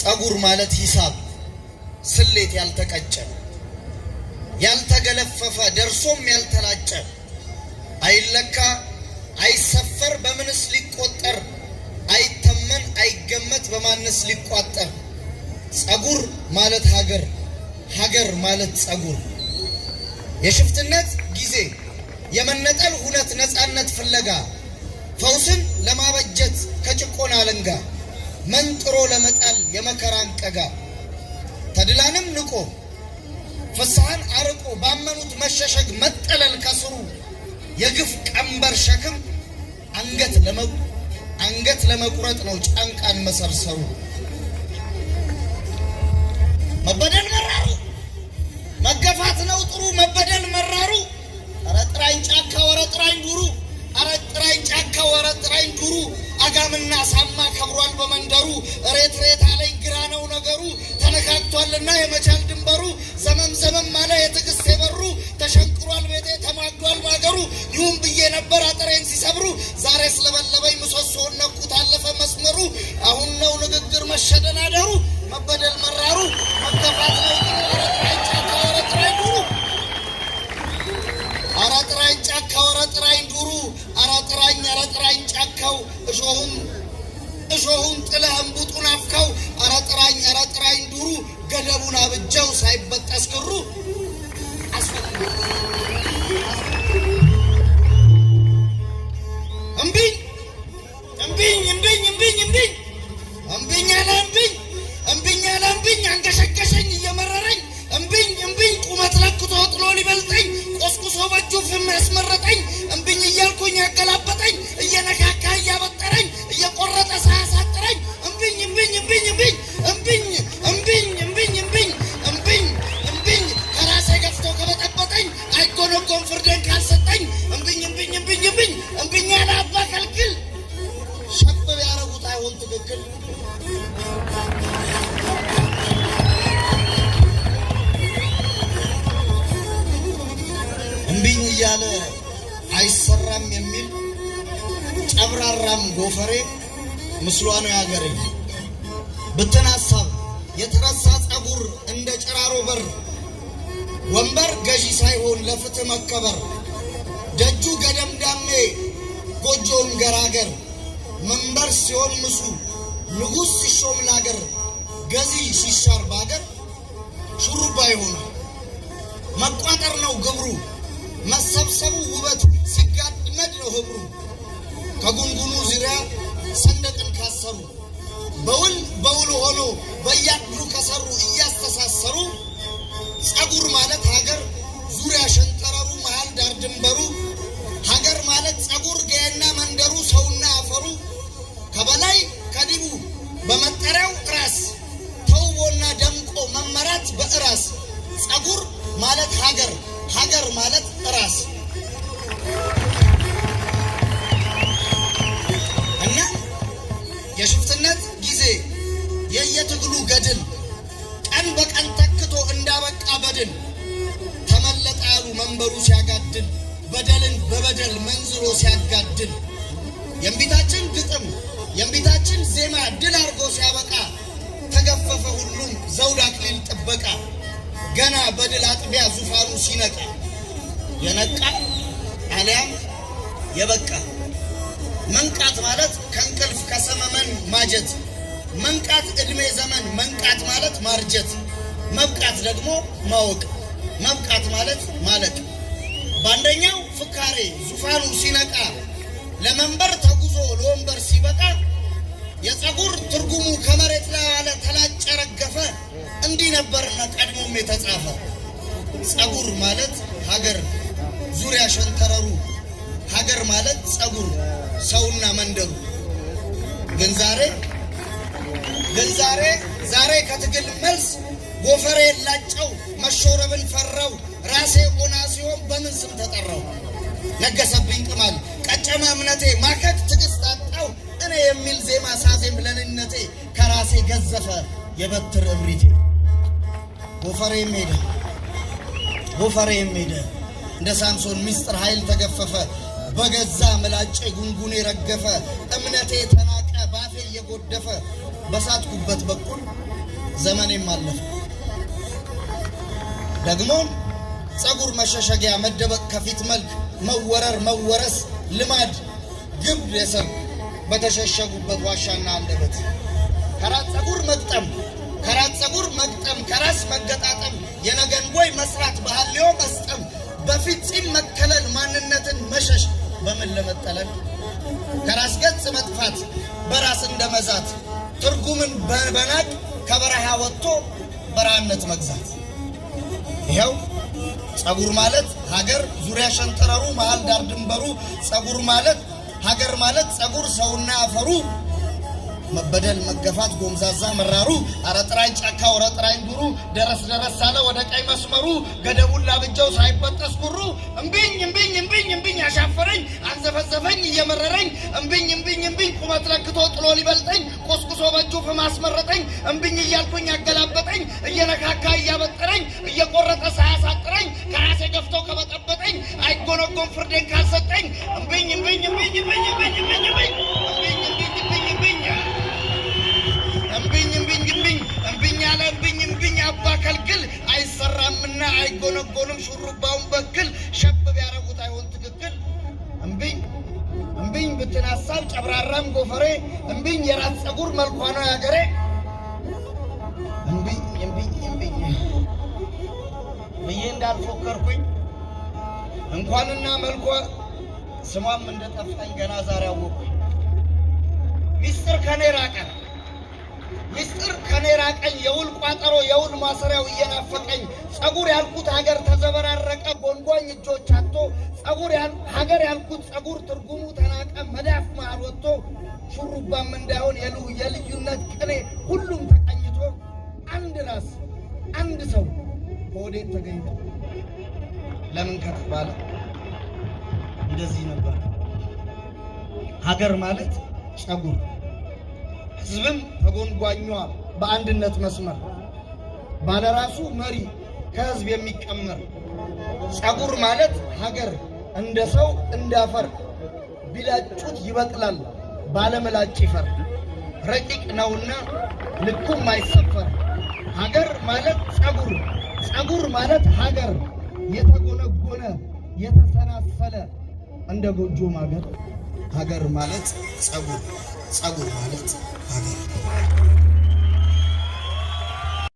ጸጉር ማለት ሂሳብ ስሌት ያልተቀጨ ያልተገለፈፈ ደርሶም ያልተላጨ አይለካ አይሰፈር በምንስ ሊቆጠር አይተመን አይገመት በማንስ ሊቋጠር ጸጉር ማለት ሀገር ሀገር ማለት ጸጉር የሽፍትነት ጊዜ የመነጠል ሁነት ነፃነት ፍለጋ ፈውስን ለማበጀት ከጭቆና አለንጋ መንጥሮ ለመጣል የመከራን ቀጋ ተድላንም ንቆ ፍስሐን አርቆ ባመኑት መሸሸግ መጠለል ከስሩ የግፍ ቀንበር ሸክም አንገት ለመቁረጥ ነው ጫንቃን መሰርሰሩ። መበደል መራሩ መገፋት ነው ጥሩ። መበደል መራሩ ኧረ ጫካ ወረ ጥራኝ ዱሩ ኧረ ጫካ ወረ ጥራኝ ዱሩ አጋምና ሳም ተሰብሯል በመንደሩ ሬት ሬት ላይ ግራ ነው ነገሩ ተነካክቷልና የመቻል ድንበሩ ዘመም ዘመም ማለ የትዕግስት የበሩ ተሸንቅሯል ቤቴ ተማዷል ባገሩ ይሁን ብዬ ነበር አጥሬን ሲሰብሩ ዛሬ ስለበለበኝ ምሰሶውን ነኩት አለፈ መስመሩ አሁን ነው ንግግር መሸደን አደሩ መበደል መራሩ መከፋት ነው አራጥራኝ ጫካው አራጥራኝ ዱሩ አራጥራኝ አራጥራኝ ጫካው እሾሁም እሾሁን ጥለህ እምቡጡን አፍከው አረጥራኝ አረጥራኝ ዱሩ ገደቡን አብጀው ሳይበጠስ ክሩ እምቢኝ እምቢኝ እምቢኝ እያለ አይሰራም የሚል ጨብራራም ጎፈሬ ምስሏ ነው ያገሬ ብትን ሀሳብ የተረሳ ጸጉር እንደ ጭራሮ በር ወንበር ገዢ ሳይሆን ለፍትህ መከበር ደጁ ገደምዳሜ ጎጆውን ገራገር መንበር ሲሆን ምሱ ንጉሥ ሲሾም ለሀገር ገዚ ሲሻር በሀገር ሹሩባ ይሆኑ መቋጠር ነው ግብሩ፣ መሰብሰቡ ውበት ሲጋድመድ ነው ህብሩ። ከጉንጉኑ ዙሪያ ሰንደቅን ካሰሩ፣ በውል በውል ሆኖ በያድሉ ከሰሩ እያስተሳሰሩ ጸጉር ማለት ሀገር ዙሪያ ሸንተረሩ መሃል ዳር ድንበሩ ሀገር ማለት በደልን በበደል መንዝሮ ሲያጋድል የእንቢታችን ግጥም የእንቢታችን ዜማ ድል አድርጎ ሲያበቃ ተገፈፈ ሁሉም ዘውድ አክሊል ጥበቃ ገና በድል አጥቢያ ዙፋኑ ሲነቃ የነቃ አሊያም የበቃ መንቃት ማለት ከእንቅልፍ ከሰመመን ማጀት መንቃት ዕድሜ ዘመን መንቃት ማለት ማርጀት መብቃት ደግሞ ማወቅ መብቃት ማለት ነው። በአንደኛው ፍካሬ ዙፋኑ ሲነቃ ለመንበር ተጉዞ ለወንበር ሲበቃ የፀጉር ትርጉሙ ከመሬት ላይ ያለ ተላጨ ረገፈ እንዲህ ነበርና ቀድሞም የተጻፈ ፀጉር ማለት ሀገር ዙሪያ ሸንተረሩ ሀገር ማለት ፀጉር ሰውና መንደሩ ግን ዛሬ ግን ዛሬ ዛሬ ከትግል መልስ ጎፈሬ የላጨው መሾረብን ፈራው ራሴ ቁና ሲሆን በምን ስም ተጠራው? ነገሰብኝ ቅማል ቀጨማ እምነቴ ማከት ትቅስ አጣው እኔ የሚል ዜማ ሳዜም ለንነቴ ከራሴ ገዘፈ የበትር እብሪቴ ወፈሬ ሜደ ጎፈሬም ሜደ እንደ ሳምሶን ምስጢር ኃይል ተገፈፈ በገዛ ምላጬ ጉንጉኔ ረገፈ እምነቴ ተናቀ ባፌ እየጎደፈ በሳትኩበት በኩል ዘመኔም አለፈ ደግሞም ፀጉር መሸሸጊያ፣ መደበቅ፣ ከፊት መልክ መወረር፣ መወረስ ልማድ፣ ግብ የሰብ በተሸሸጉበት ዋሻና አንደበት ከራስ ፀጉር መግጠም ከራስ ፀጉር መግጠም ከራስ መገጣጠም የነገን ወይ መስራት ባህልዮ መስጠም በፊት ጺም መከለል ማንነትን መሸሽ በምን ለመጠለል ከራስ ገጽ መጥፋት በራስ እንደመዛት ትርጉምን በናቅ ከበረሃ ወጥቶ በረሃነት መግዛት ይኸው ጸጉር ማለት ሀገር ዙሪያ ሸንተረሩ መሀል ዳር ድንበሩ ጸጉር ማለት ሀገር ማለት ጸጉር ሰውና አፈሩ መበደል መገፋት ጎምዛዛ መራሩ አረጥራኝ ጫካ ወረጥራኝ ዱሩ ደረስ ደረስ ሳለ ወደ ቀይ መስመሩ ገደቡን ላብጃው ሳይበጠስ ጉሩ እምብኝ እምብኝ እምብኝ እምብኝ አሻፈረኝ አንዘፈዘፈኝ እየመረረኝ እምብኝ እምብኝ እምብኝ ቁመት ለክቶ ጥሎ ሊበልጠኝ ቁስቁሶ በእጁ ፍም እምብኝ እያልኩኝ ያገላበጠኝ እየነካካ እያበጠረኝ እየቆረጠ ሳያ በጎን ፍርድን ካልሰጠኝ እምብኝ እምብኝ እምብኝ እምብኝ እምብኝ እምብኝ እምብኝ እምብኝ እምብኝ እምብኝ እምብኝ እምብኝ እምብኝ ያለ እምብኝ እምብኝ አባ ከልክል አይሰራምና አይጎነጎንም። ሹሩባውን በክል ሸብ ቢያረጉት አይሆን ትክክል እምብኝ እምብኝ ብትን ሀሳብ ጨብራራም ጎፈሬ እምብኝ የራስ ጸጉር መልኳ ነው ያገሬ እምብኝ እምብኝ እምብኝ ብዬ እንዳልፎከርኩኝ እንኳንና መልኳ ስሟም እንደጠፋኝ ገና ዛሬ አወቅኩኝ። ሚስጥር ከኔ ራቀ፣ ሚስጥር ከኔ ራቀኝ። የውል ቋጠሮ የውል ማሰሪያው እየናፈቀኝ ጸጉር ያልኩት ሀገር ተዘበራረቀ፣ ጎንጓኝ እጆች አቶ ጸጉር ሀገር ያልኩት ጸጉር ትርጉሙ ተናቀ፣ መዳፍ መሃል ወጥቶ ሹሩባም እንዳይሆን የልዩነት ቅኔ ሁሉም ተቀኝቶ አንድ ራስ አንድ ሰው ከወዴት ተገኝቶ ለምን ከተባለ እንደዚህ ነበር። ሀገር ማለት ጸጉር፣ ህዝብም ተጎንጓኛ በአንድነት መስመር፣ ባለራሱ መሪ ከህዝብ የሚቀመር ጸጉር ማለት ሀገር እንደ ሰው እንዳፈር ቢላጩት ይበቅላል ባለመላጭ ይፈር ረቂቅ ነውና ልኩም አይሰፈር ሀገር ማለት ጸጉር ጸጉር ማለት ሀገር የተጎ የተሰናሰለ እንደ ጎጆ ማገር ሀገር ማለት ጸጉር ጸጉር ማለት ሀገር